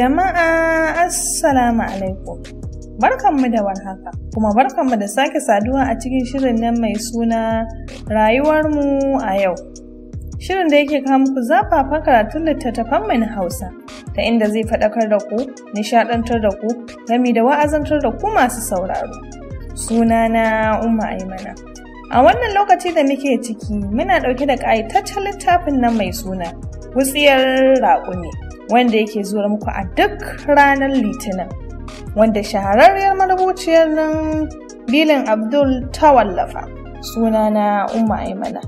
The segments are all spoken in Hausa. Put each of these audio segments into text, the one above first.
Jama'a Assalamu alaikum. Barkanmu da warhaka, kuma barkanmu da sake saduwa a cikin shirin nan mai suna rayuwarmu a yau. Shirin da yake kawo muku zafafan karatun littattafan mai na Hausa, ta inda zai faɗakar da ku, nishaɗantar da ku, gami da wa'azantar da ku masu sauraro. Sunana Umma Aimana. A wannan lokaci da muke ciki, muna ɗauke da ƙayataccen littafin nan mai suna, wutsiyar raƙumi. wanda yake zuwa muku a duk ranar litinin wanda shahararriyar marubuciyar nan bilin abdul ta wallafa na umma aimana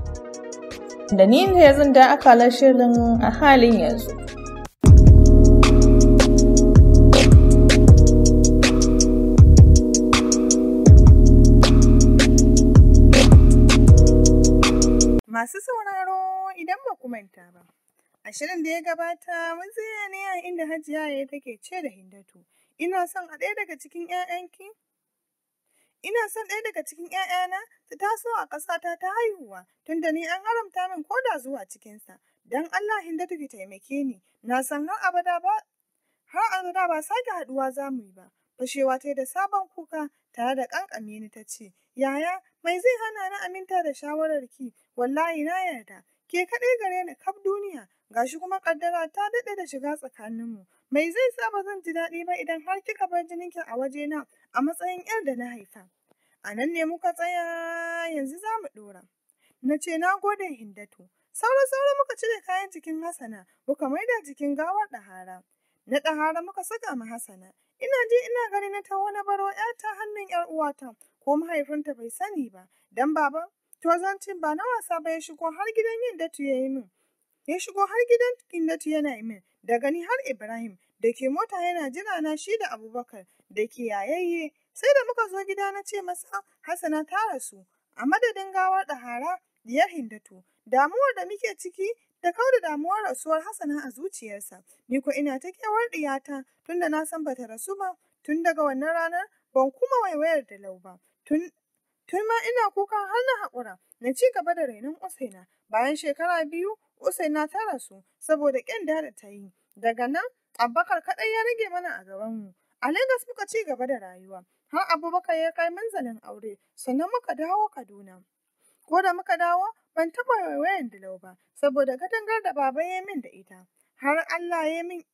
da ni ne zan da aka shirin a halin yanzu masu sauraro idan ba ku manta ba A shirin da ya gabata mun tsaya ne a inda Hajiya ya take ce da Hindatu, ina son a ɗaya daga cikin ‘ya'yanki? Ina son ɗaya daga cikin ‘ya'yana ta taso a ƙasata ta haihuwa, tunda ni an haramta min koda zuwa cikinsa. Don Allah Hindatu ki taimake ni, na san har abada ba har abada ba sake haɗuwa za mu yi ba. Fashewa ta da sabon kuka tare da ƙanƙame ni ta ce, Yaya, mai zai hana ni aminta da shawararki, wallahi na yarda, ke kaɗai gare ni kaf duniya, gashi kuma kaddara ta daɗe da shiga tsakaninmu. Mai zai sa ba zan ji daɗi ba idan har kika bar jininki a wajena a matsayin ‘yar da na haifa. A nan ne muka tsaya yanzu za mu ɗora. Na ce na gode Hindatu. Sauran sauran muka cire kayan jikin Hassana muka maida jikin gawar ɗahara. Na ɗahara muka saka ma Hassana. Ina ji ina gani na taho na baro ta hannun ‘yar uwata ko mahaifinta bai sani ba. Dan baba, to zancin ba na wasa ba ya shigo har gidan yin datu ya yi min. ya shigo har gidan Kinnatu yana min, da gani har Ibrahim da ke mota yana jira na shi da Abubakar da ke yayaye Sai da muka zo gida na ce masa ah, Hassana ta rasu a madadin gawar ɗahara diyar Hindatu. Damuwar da muke ciki da da damuwar rasuwar Hassana a zuciyarsa. Ni ko ina ta kewar ɗiyata tunda na san bata rasu ba tun daga wannan ranar ban kuma waiwayar da lau ba. Tun Tun ma ina kuka har na haƙura na ci gaba da rainon Usaina. Bayan shekara biyu Usaina ta rasu saboda ƙyanda da ta yi. Daga nan Abubakar kaɗai ya rage mana a gabanmu. A Legas muka ci gaba da rayuwa har Abubakar ya kai manzalin aure sannan muka dawo Kaduna. Ko da muka dawo ban taɓa wayan Dilau ba saboda katangar da baba ya min da ita. Har Allah ya min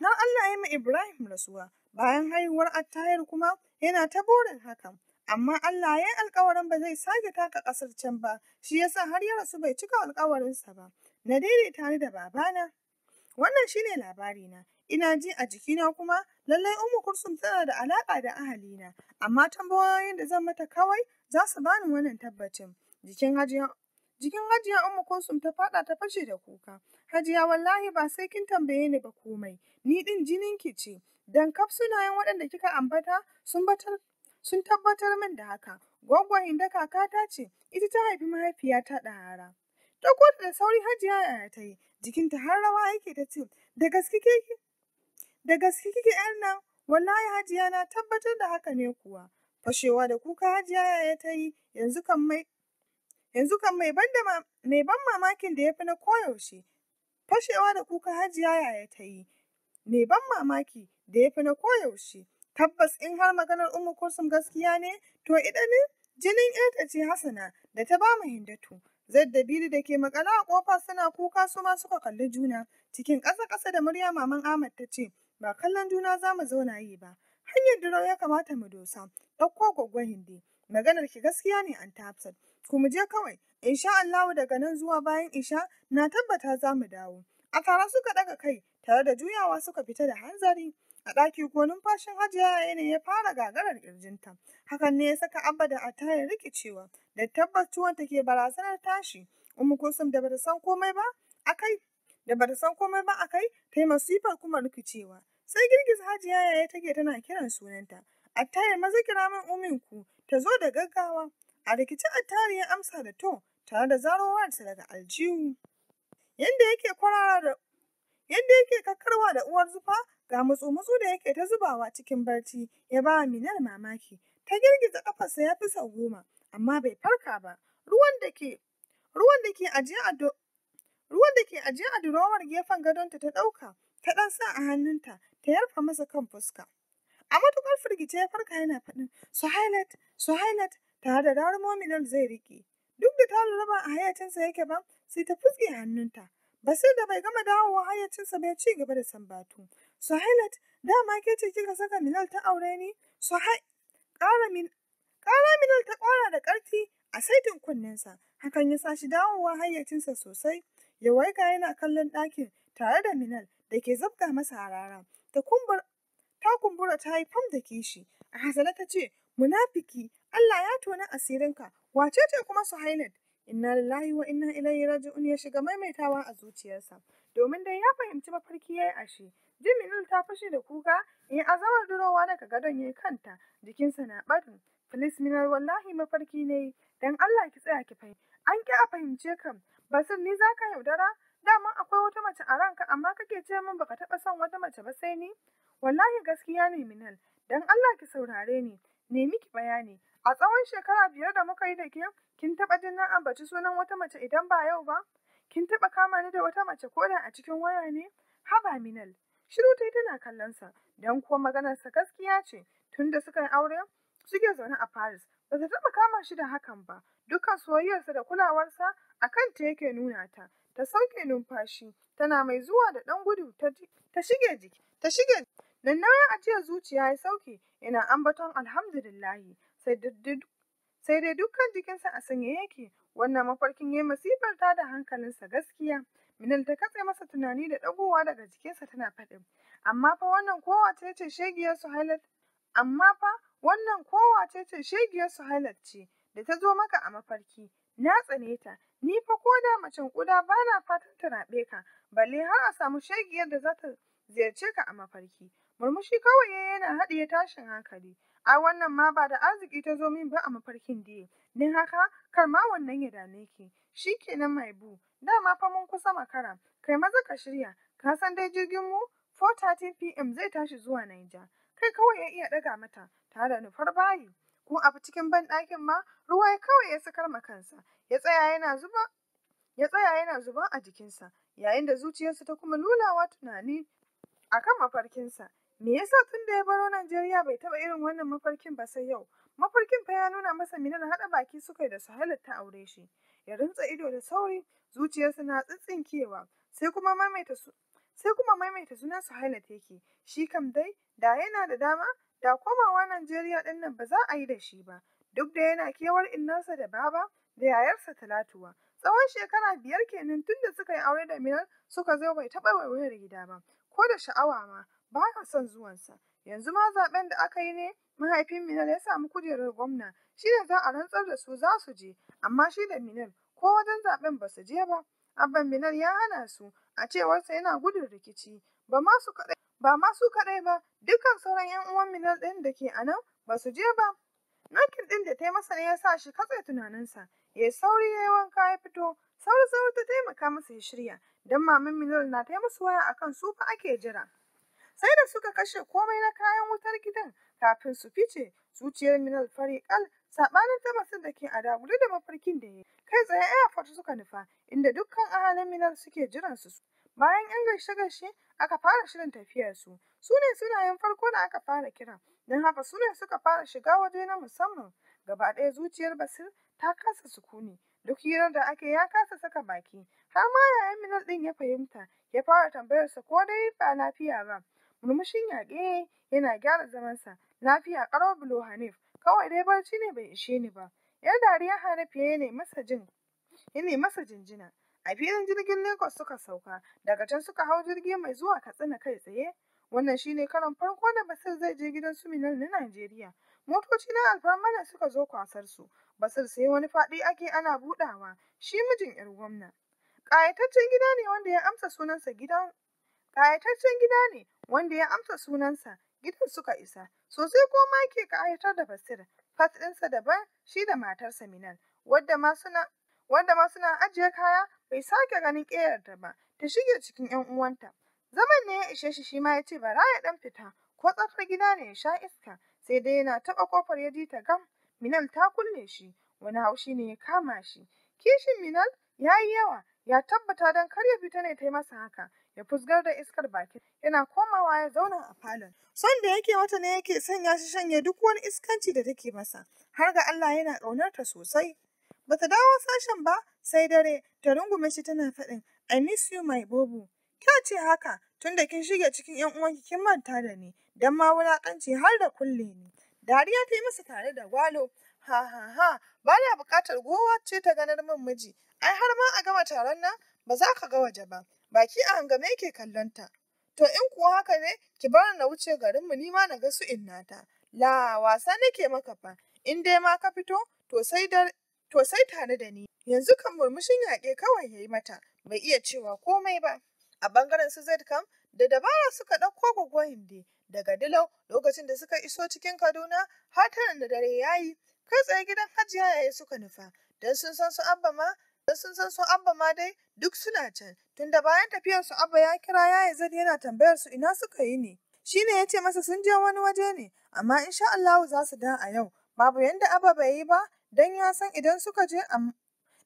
har Allah ya min Ibrahim rasuwa bayan haihuwar attayar kuma yana ta burin hakan. amma Allah ya yi alkawarin ba zai sake taka ƙasar can ba, shi yasa har ya rasu bai cika alkawarinsa ba, na daidaita tare da babana. Wannan shine labari na. ina ji a jikina kuma lallai umu Kursum tana da alaka da ahalina, amma tambayoyin da zan mata kawai za su bani wannan tabbacin. Jikin hajiya Jikin Hajiya umu ta faɗa ta fashe da kuka. Hajiya wallahi ba sai kin tambaye ni ba komai. Ni din jinin ki ce. Dan kaf sunayen waɗanda kika ambata sun batar sun tabbatar min da haka. Gwaggo inda kakata ce, ita ta haifi mahaifiyata ɗahara. Ɗauko ta da sauri hajiya yaya ta yi, jikinta har rawa yake ta ce, da gaske kike, da gaske kike ƴar nan, wallahi hajiya na tabbatar da haka ne kuwa. Fashewa da kuka hajiya yaya ta yi, yanzu kan mai ban mamakin da ya fi na koyaushe. Fashewa da kuka hajiya yaya ta yi, mai ban mamaki da ya fi na koyaushe. Tabbas in har maganar Ummu Kulsum gaskiya ne, to idanin jinin ‘yarta ce Hassana da ta ba mu Hindatu. Zaddabiri da ke makala a kofa suna kuka su ma suka kalli juna. Cikin ƙasa-ƙasa da murya maman Ahmad ta ce, ba kallon juna za mu zauna yi ba. Hanyar dirau ya kamata mu dosa, ɗauko gwaggwan hindi. Maganar ki gaskiya ne an tafsir. Ku mu je kawai, sha Allahu daga nan zuwa bayan isha na tabbata za mu dawo. A tare suka ɗaga kai, tare da juyawa suka fita da hanzari. A ɗaki ko numfashin Hajiya ne ya fara gagarar ƙirjinta. Hakan ne ya saka Abba da Atayar rikicewa da tabbas ciwon take barazanar tashi. Umu Kusum da bata san komai ba akai da bata san komai ba akai ta yi masifar kuma rikicewa. Sai girgiza Hajiya ta take tana kiran sunanta. Attayar maza kira min umin ku ta zo da gaggawa. A rikici Attayar ya amsa da to tare da zarowarsa daga aljihu. yadda yake kwarara da yadda yake kakkarwa da uwar zufa Ga mutsu-mutsu da yake ta zubawa cikin barci ya ba wa minar mamaki. Ta girgiza ƙafarsa ya fi sau goma, amma bai farka ba. Ruwan da ke ruwan da ke ajiye a ruwan da ke ajiye a durowar gefen gadonta ta ɗauka, ta ɗan sa a hannunta, ta yarfa masa kan fuska. A matuƙar firgice ya farka yana faɗin, su Suhailat, tare da darmo minar zai riƙe. Duk da ta lura ba a hayyacinsa yake ba, sai ta fuske hannunta. Basir da bai gama dawowa hayyacinsa bai ci gaba da sambatu. Suhailat, dama ke ce kika saka Minal ta aure ni? Suhai, ƙara min, ƙara Minal ta ƙwara da ƙarfi a saitin kunnensa. Hakan ya sashi shi dawowa hayyacinsa sosai. Ya waiga yana kallon ɗakin tare da Minal da ke zabga masa harara. Ta kumbura, ta kumbura ta yi fam da kishi. A hasala ta ce, munafiki, Allah ya tona asirinka. Wace ce kuma Suhailat? inna lillahi wa inna ilaihi raji'un ya shiga maimaitawa a zuciyarsa domin dai ya fahimci mafarki yayi ashe Jiminul ta fashe da kuka, in azamar durowa daga gadon yayi kanta, jikinsa na barin. minar wallahi mafarki ne, dan Allah ki tsaya ki fahimci. An ki a fahimce kan Basir ni za ka yaudara? Dama akwai wata mace a ranka amma kake ce min baka taɓa son wata mace ba sai ni? Wallahi gaskiya ne Minal, dan Allah ki saurare ni, ne miki bayani. A tsawon shekara biyar da muka yi da ke, kin taɓa jin na ambaci sunan wata mace idan ba yau ba? Kin taɓa kama ni da wata mace ko da a cikin waya ne? Haba Minal, shiru ta tana kallon sa dan kuwa maganarsa gaskiya ce tunda suka yi aure suke zaune a Paris ba ta taɓa kama shi da hakan ba dukkan soyayyarsa da kulawarsa a ta yake nuna ta ta sauke numfashi tana mai zuwa da ɗan gudu ta shige jiki ta shige nan ajiyar zuciya ya sauke yana ambaton alhamdulillahi sai sai dai dukkan jikinsa a sanye yake wannan mafarkin ya masifar ta da hankalinsa gaskiya Minal ta katse masa tunani da ɗagowa daga jikinsa tana faɗin. Amma fa wannan kowace ce shegiyar Suhailat. Amma fa wannan kowace ce shegiyar Suhailat ce da ta zo maka a mafarki. Na tsane ta, ni fa ko da macen ƙuda ba na fatan ta raɓe ka, balle har a samu shegiyar da za ta ziyarce ka a mafarki. Murmushi kawai ya yana haɗiye tashin hankali. a wannan ma ba da arziki ta zo min ba a mafarkin diye. Don haka kar ma wannan ya dame ki. Shi kenan bu. dama fa mun kusa makara, kai maza ka shirya, ka san dai jirgin mu 4:30 pm zai tashi zuwa Naija. Kai kawai ya iya ɗaga mata, tare da nufar bayi. Ko a cikin banɗakin ma, ruwa kawai ya sakar ma kansa, ya tsaya yana zuba ya tsaya yana zuba a jikinsa, yayin da zuciyarsa ta kuma lulawa tunani akan mafarkinsa. Me yasa tun da ya baro Najeriya bai taɓa irin wannan mafarkin ba sai yau? Mafarkin fa ya nuna masa minar haɗa baki suka yi da Suhailat ta aure shi. ya rintsa ido da sauri zuciyarsa na tsintsinkewa sai kuma maimaita su sai kuma maimaita su take shi kam dai da yana da dama da komawa Najeriya din nan ba za a yi da shi ba duk da yana kewar innarsa da baba da yayarsa Talatuwa tsawon shekara biyar kenan tun da suka yi aure da minar suka zo bai taɓa waiwayar gida ba ko da sha'awa ma ba ya son zuwansa yanzu ma zaben da aka yi ne mahaifin Minal ya samu kujerar gwamna shi da za a rantsar da su za su je amma shi da Minal ko wajen zaɓen ba su je ba. Abban Minal ya hana su, a cewarsa yana gudun rikici, ba ma su kaɗai ba ma dukkan sauran 'yan uwan Minal ɗin da ke a nan ba su je ba. Nakin ɗin da ta yi masa ne ya sa shi katse tunaninsa, ya sauri ya yi wanka ya fito, sauri sauri ta taimaka masa ya shirya, don mamin Minal na ta musu waya akan su fa ake jira. Sai da suka kashe komai na kayan wutar gidan kafin su fice, zuciyar Minal fari ƙal Saɓanin tabbacin da ke a da da mafarkin da ya yi, kai tsaye airport suka nufa, inda dukkan ahalin minar suke jiran su. Bayan ‘yan gaishe-gaishe, aka fara shirin tafiyar su. Su ne sunayen farko da aka fara kira, don haka su ne suka fara shiga waje na musamman. Gaba ɗaya zuciyar Basir ta kasa sukuni, duk hirar da ake ya kasa saka baki. Har ma yayan minar ɗin ya fahimta, ya fara tambayar sa ko dai ba lafiya ba. Murmushin yaƙe yana gyara zamansa, lafiya ƙarar Bulo Hanif. kawai dai barci ne bai ishe ni ba yar dariya hana ya ne masa jin masa jinjina a filin jirgin lagos suka sauka daga can suka hau jirgi mai zuwa katsina kai tsaye wannan shine karon farko da basir zai je gidan su minal na najeriya motoci na alfarma da suka zo kwasar su basir sai wani faɗi ake ana buɗawa shi mijin yar gwamna ƙayataccen gida ne wanda ya amsa sunansa gidan suka isa sosai ko ma ke ƙayatar da basir fat ɗinsa daban shi da matarsa minal wadda ma suna wanda ma ajiye kaya bai sake ganin ƙeyarta ba ta shige cikin yan uwanta zaman ne ya ishe shi shi ma ya ce bara ya ɗan fita ko tsakar gida ne ya sha iska sai dai yana taɓa ƙofar ya ji ta gam minal ta kulle shi wani haushi ne ya kama shi kishin minal ya yi yawa ya tabbata don kar ya fita ne ta yi masa haka ya fusgar da iskar bakin yana komawa ya zauna a falon son da yake wata ne yake sanya shi shanye duk wani iskanci da take masa har ga Allah yana ƙaunar ta sosai Ba ta dawo sashen ba sai dare ta rungume shi tana faɗin I miss you my bobo kya ce haka tun da kin shige cikin yan uwanki kin manta da ni dan ma wulaƙanci har da kulle ni dariya ta yi masa tare da gwalo ha ha ha ba ya buƙatar gowa ce ta ganar min miji ai har ma a gama taron nan ba za ka ga waje ba baki a hangame yake ta To in kuwa haka ne, ki bar na wuce garinmu ni ma na ga su ta La wasa nake maka fa, in dai ma ka fito, to sai da to sai tare da ni. Yanzu kan murmushin yaƙe kawai yayi mata, bai iya cewa komai ba. A bangaren su Zaid kam, da dabara suka ɗauko gwagwa hindi daga Dilau lokacin da suka iso cikin Kaduna har taran da dare yayi yi, kai tsaye gidan Hajiya yaya suka nufa, dan sun san su Abba ma da sun san su abba ma dai duk suna can tunda bayan tafiyar su abba ya kira yaya zan yana tambayar su ina suka yi ne shine ya ce masa sun je wani waje ne amma insha Allahu za su da a yau babu yanda abba bai yi ba dan ya san idan suka je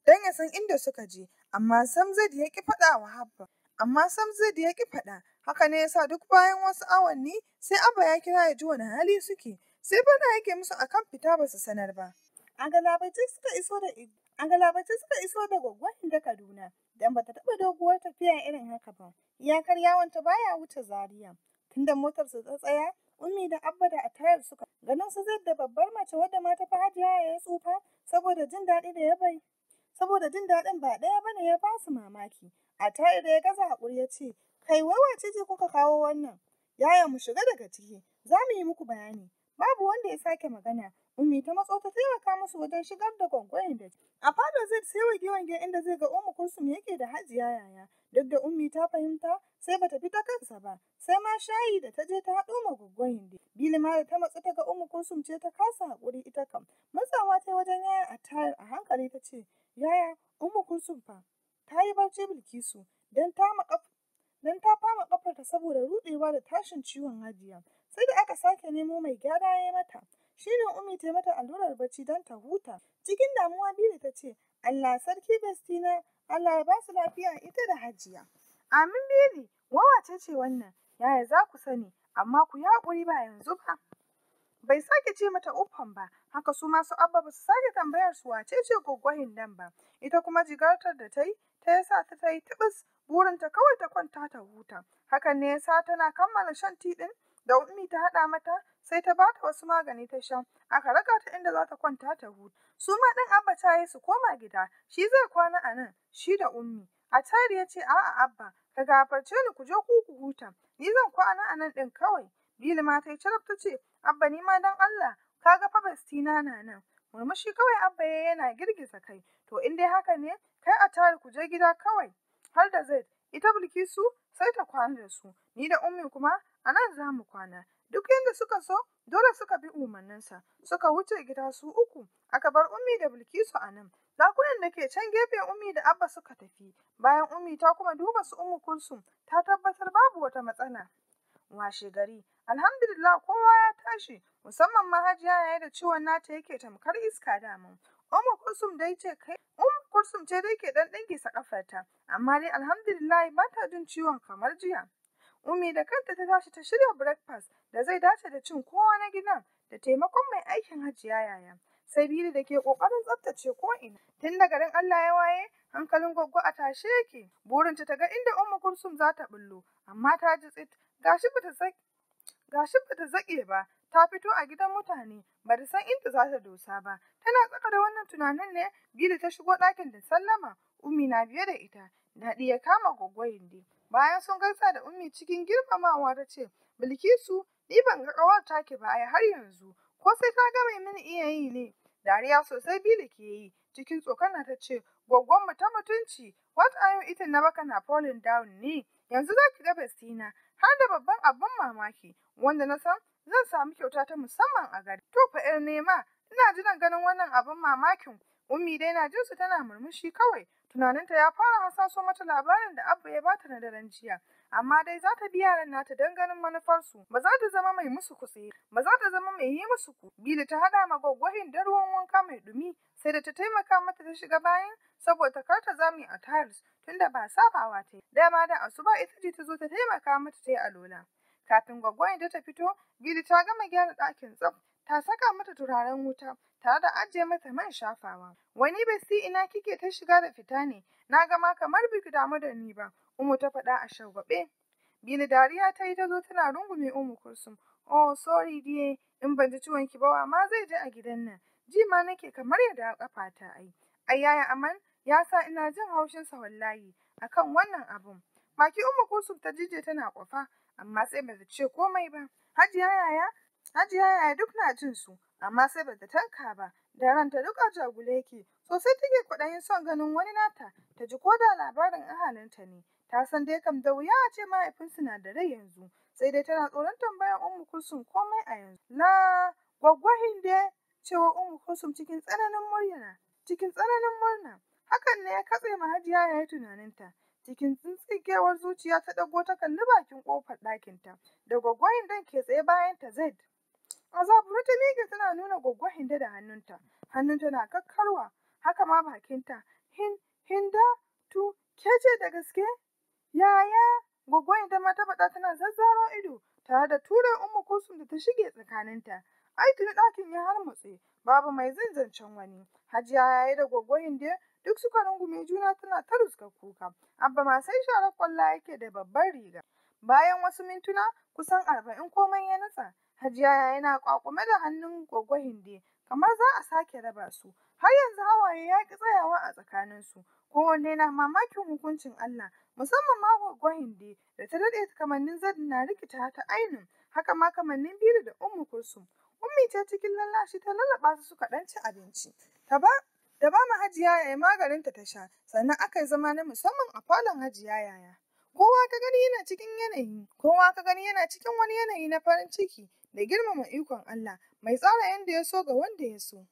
dan ya san inda suka je amma sam zai ya ki faɗa wa habba amma sam zai ya ki faɗa haka ne yasa duk bayan wasu awanni sai abba ya kira ya ji wani hali suke sai bana yake musu akan fita ba su sanar ba a galabaice suka iso da Angalabace suka iso da gwaggwanin da Kaduna, dan bata taɓa doguwar tafiya irin haka ba. Iyakar yawonta baya wuce Zaria. Tunda motar su ta tsaya, Ummi da Abba da Atayar suka ganin su zai da babbar mace wadda ma ta fi Hajiya ya tsufa saboda jin daɗi da ya Saboda jin daɗin ba ɗaya ba ne, ya ba su mamaki. Atayar da ya gaza haƙuri ya ce, kai wai wace ce kuka kawo wannan? Yaya mu shiga daga ciki, za mu yi muku bayani. Babu wanda ya sake magana, Ummi ta matso ta taimaka musu wajen shigar da gwaggwayin da A falo zai sai wage-wage inda zai ga Ummu yake da hajiya yaya. Duk da Ummi ta fahimta sai bata fita kansa ba. Sai ma shayi da ta je ta haɗo ma gwaggwayin da. Bili ma da ta matsu ta ga Ummu ce ta kasa haƙuri ita kam. Matsawa ta wajen yaya a tayar a hankali ta ce, Yaya, Ummu fa, ta yi barci Bilkisu Dan ta don ta fama kafarta saboda rudewa da tashin ciwon hajiya. Sai da aka sake nemo mai gyara ya mata. Shirin Umi ta mata allurar bacci don ta huta. Cikin damuwa Bili ta ce, Allah sarki na! Allah ya basu su lafiya ita da hajiya. Amin Bili, wawace ce wannan, yaya za ku sani, amma ku yi ƙuri ba yanzu ba. Bai sake ce mata uffan ba, haka su masu abba ba su sake tambayar su wace ce gwaggwahin nan ba. Ita kuma jigartar da ta yi, ta yasa ta ta yi tibis burinta kawai ta kwanta ta huta. Hakan ne ya sa tana kammala shan tiɗin da Ummi ta haɗa mata sai ta bata wasu magani ta sha aka raka ta inda za ta kwanta ta huta su ma din abba ta yi su koma gida shi zai kwana a nan shi da ummi a tari ya ce a'a abba ka gafarce ni ku je ku ku huta ni zan kwana a nan din kawai Bili ma ta yi ta ce abba ni ma dan Allah ka ga fa na nan murmushi kawai abba ya yana girgiza kai to in dai haka ne kai a tari ku je gida kawai har da zai ita bilkisu sai ta kwana da su ni da ummi kuma a nan za mu kwana duk yadda suka so dole suka bi umarninsa suka wuce gida su uku aka bar ummi da bilkisu a nan dakunan da ke can gefe ummi da abba suka tafi bayan ummi ta kuma duba su ummu kulsum ta tabbatar babu wata matsala washe gari alhamdulillah kowa ya tashi musamman ma hajiya yayi da ciwon nata yake tamkar iska mu ummu kursum dai ce kai ummu kursum ce dai ke dan sa kafarta amma dai alhamdulillah ba ta jin ciwon kamar jiya Umi da kanta ta tashi ta shirya breakfast da zai dace da cin kowa na gidan da taimakon mai aikin hajiya yaya. Sai Sabili da ke ƙoƙarin tsaftace ko'ina. Tun da garin Allah ya waye, hankalin gwaggo a tashe yake. Burinta ta ga inda Umma kursum za ta bullo, amma ta ji tsit. Gashi bata ta zaƙe ba, ta fito a gidan mutane, ba da san inda za ta dosa ba. Tana tsaka da wannan tunanin ne, Bili ta shigo ɗakin da sallama, Ummi na biye da ita. Daɗi ya kama gwaggo Hindi. Bayan sun gaisa da Ummi cikin girmamawa ta ce, Bilkisu Ni ban ga ƙawar taki ba ai har yanzu, ko sai ta ga mai mini iya yi ne. Dariya sosai da ke yi, cikin tsokana ta ce, mu ta mutunci, what are you eating na baka na falling down ne? Yanzu za ki ga bestina, har da babban abin mamaki, wanda na san zan samu kyauta ta musamman a gari. To fa ‘yar eh, nema, ina jiran ganin wannan abin mamakin. Ummi dai na jinsu tana murmushi kawai, Tunaninta ya fara hasaso mata labarin da Abba ya bata na daren jiya, amma dai za ta bi yaran nata don ganin manufarsu, ba za ta zama mai musu kutse, ba za ta zama mai yi musu ku. Bili ta haɗa ma gwaggwahin da ruwan wanka mai dumi sai da ta taimaka mata ta shiga bayan saboda kar ta zame a tiles tunda ba sabawa ta yi. Dama da asuba ita ce ta zo ta taimaka mata ta yi alola. Kafin da ta fito, Bili ta gama gyara ɗakin tsaf, ta saka mata turaren wuta, tare da ajiye mata man shafawa. Wani si ina kike ta shiga da fita ne, na gama kamar biki damu da ni ba, Umu ta faɗa a shagwaɓe. Bini dariya ta yi ta zo tana rungume Umu kursum Oh, sorry dear, in ban ji ciwon ki ba ma zai je a gidan nan. Ji ma nake kamar yadda a kafa ta ai. Ai yaya aman ya sa ina jin haushin sa wallahi akan wannan abun. Maki Umu kursum ta jije tana kwafa, amma sai ba ta ce komai ba. Hajiya yaya, Hajiya yaya duk na jin su. amma sai bata tanka ba da ranta duk a jagule yake sosai take kwaɗayin son ganin wani nata ta ji ko da labarin ahalinta ne ta san dai kam da wuya a ce mahaifinsu na da rai yanzu sai dai tana tsoron tambayar ummu kulsum komai a yanzu na gwaggwahin dai cewa ummu kulsum cikin tsananin murna cikin tsananin murna hakan ne ya katse ma hajiya ya yi tunaninta cikin tsintsigewar zuciya ta ɗago ta kalli bakin ƙofar ɗakinta da gwaggwahin dan ke tsaye bayan ta zaid A ta miƙe tana nuna gwaggwa hinda da hannunta. Hannunta na kakkarwa, haka ma bakinta. Hin, hinda, tu, ke da gaske? Yaya, gwaggwa hinda ma ta faɗa tana zazzaro ido, tare da ture umma kusum da ta shige tsakaninta. Ai tuni ɗakin ya har harmutse, babu mai zanzancen wani. Hajiya yayi da gwaggwa hinda duk suka rungume juna tana ta ruska kuka. Abba ma sai sharar kwalla yake da babbar riga. Bayan wasu mintuna kusan arba'in komai ya nutsa Hajiya yana kwakume da hannun Gwaggo kamar za a sake raba su. Har yanzu hawaye ya ki tsayawa a tsakaninsu. Kowanne na mamakin hukuncin Allah, musamman ma Gwaggo da ta daɗe kamannin zan na rikita ta ainun, haka ma kamannin Biri da Umu Kulsum. Ummi ce cikin lallashi ta lallaɓa su suka ɗan ci abinci. Ta ba da ba mu hajiya yaya maganinta ta sha, sannan aka yi zama na musamman a falon hajiya yaya. Kowa ka gani yana cikin yanayi, kowa ka gani yana cikin wani yanayi na farin ciki da girmama ikon Allah mai tsara yadda ya so ga wanda ya so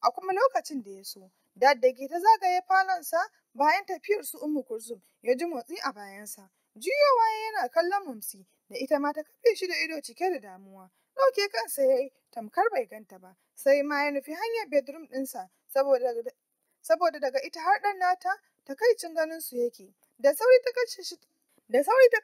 a kuma lokacin da ya so daddage ta zagaye falonsa bayan tafiyar su umu kurzum ya ji motsi a bayansa juyowa yana kallon mamsi da ita ma ta kafe shi da ido cike da damuwa ɗauke kansa ya yi tamkar bai ganta ba sai ma ya nufi hanyar bedroom ɗinsa saboda daga ita har ɗan nata takaicin ganin su yake da sauri ta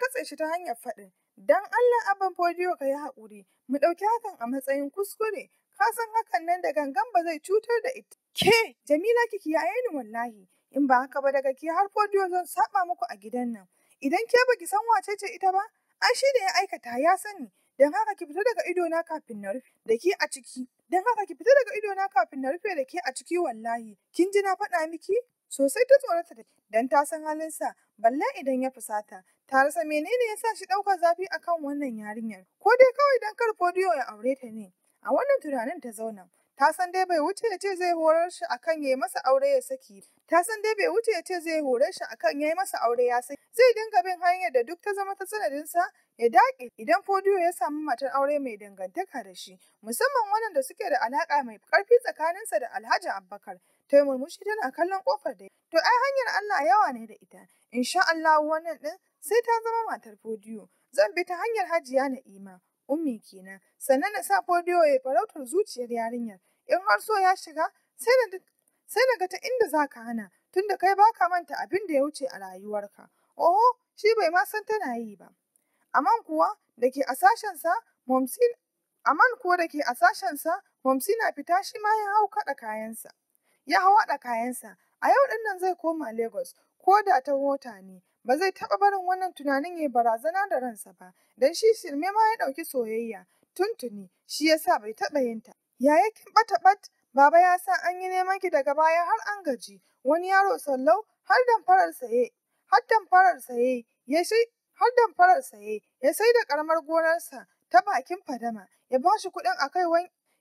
katse shi ta hanyar faɗin Don Allah abin fodiyo ka yi haƙuri, mu ɗauki hakan a matsayin kuskure, ka san hakan nan da gangan ba zai cutar da ita. Ke, Jamila kiki ya ni wallahi, in ba haka ba daga ke har fodiyo zan saɓa muku a gidan nan. Idan ke ki san wace ce ita ba, ai shi da ya aikata ya sani, don haka ki fita daga na kafin na rufe da ke a ciki. Don haka ki fita daga idona kafin na rufe da ke a ciki wallahi, kin ji na faɗa miki? Sosai ta tsorata da don ta san sa, balla idan ya fusata. Ta rasa menene ya sa shi ɗaukar zafi akan wannan yarinyar, ko dai kawai don kar Fodiyo ya aure ta ne. A wannan tunanin ta zauna, ta san dai bai wuce ya ce zai horar shi akan ya yi masa aure ya saki ta san dai bai wuce ya ce zai horar shi akan ya masa aure ya saki zai dinga bin hanyar da duk ta zama ta sanadinsa ya dake idan fodiyo ya samu matar aure mai dangantaka da shi musamman waɗanda suke da alaka mai ƙarfi tsakaninsa da alhaji Abubakar. ta yi murmushi tana kallon ƙofar da to ai hanyar Allah yawa ne da ita insha Allah wannan ɗin sai ta zama matar fodiyo zan bi ta hanyar hajiya na ima ummi kenan sannan na sa fodiyo ya farautar zuciyar yarinyar in har so ya shiga sai na sai ga ta inda za ka hana tunda kai baka manta abin da ya wuce a rayuwarka oho shi bai ma san tana yi ba aman kuwa da ke a sashensa momsin aman kuwa da a sashensa momsina fita shi ma ya hau kaɗa kayansa Ya haɗa kayansa, a yau ɗin nan zai koma Lagos, ko da ta mota ne, ba zai taɓa barin wannan tunanin ya yi barazana da ransa ba, don shi shirme ma ya ɗauki soyayya, tuntuni, shi ya sa bai taɓa yin ta. Yaya kin ɓata ɓat, baba ya sa an yi neman ki daga baya har an gaji, wani yaro sallau har damfarar saye, har damfarar saye, ya sai har damfarar saye, ya sai da ƙaramar gonarsa ta bakin fadama, ya bashi shi kuɗin a kai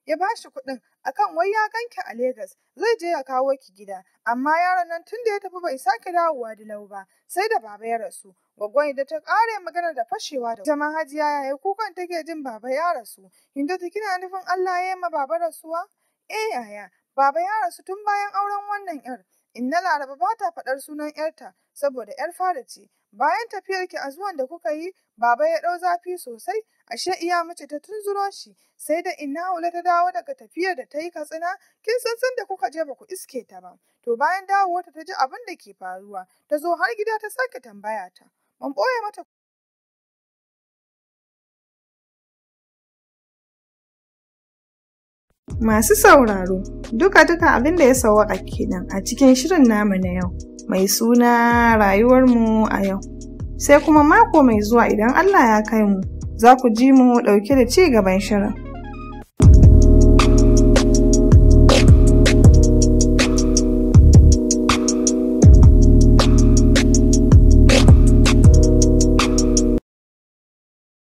ya ba shi kuɗin akan wai ya ganki a Legas zai je ya kawo ki gida amma yaron nan tun da ya tafi bai sake dawowa da Dilau ba sai da baba ya rasu gwaggwani da ta ƙare magana da fashewa da zama hajiya yayi kukan take jin baba ya rasu hindu ta kina nufin Allah ya yi ma baba rasuwa eh yaya baba ya rasu tun bayan auren wannan yar inna laraba ba ta faɗar sunan yarta saboda yar fara ce bayan tafiyarki a zuwan da kuka yi baba ya ɗau zafi sosai ashe iya mace ta tunzuro shi sai da inna haula ta dawo daga tafiyar da ta yi katsina kin san san da kuka je ba ku iske ta ba to bayan dawowarta ta ji abin da ke faruwa ta zo har gida ta sake tambaya ta ban ɓoye mata Masu sauraro, duka-duka abin da ya sawaka kenan a cikin shirin namu na yau, mai suna rayuwarmu a yau. Sai kuma mako mai zuwa idan Allah ya kai mu, za ku ji mu ɗauke da ci gaban shirin.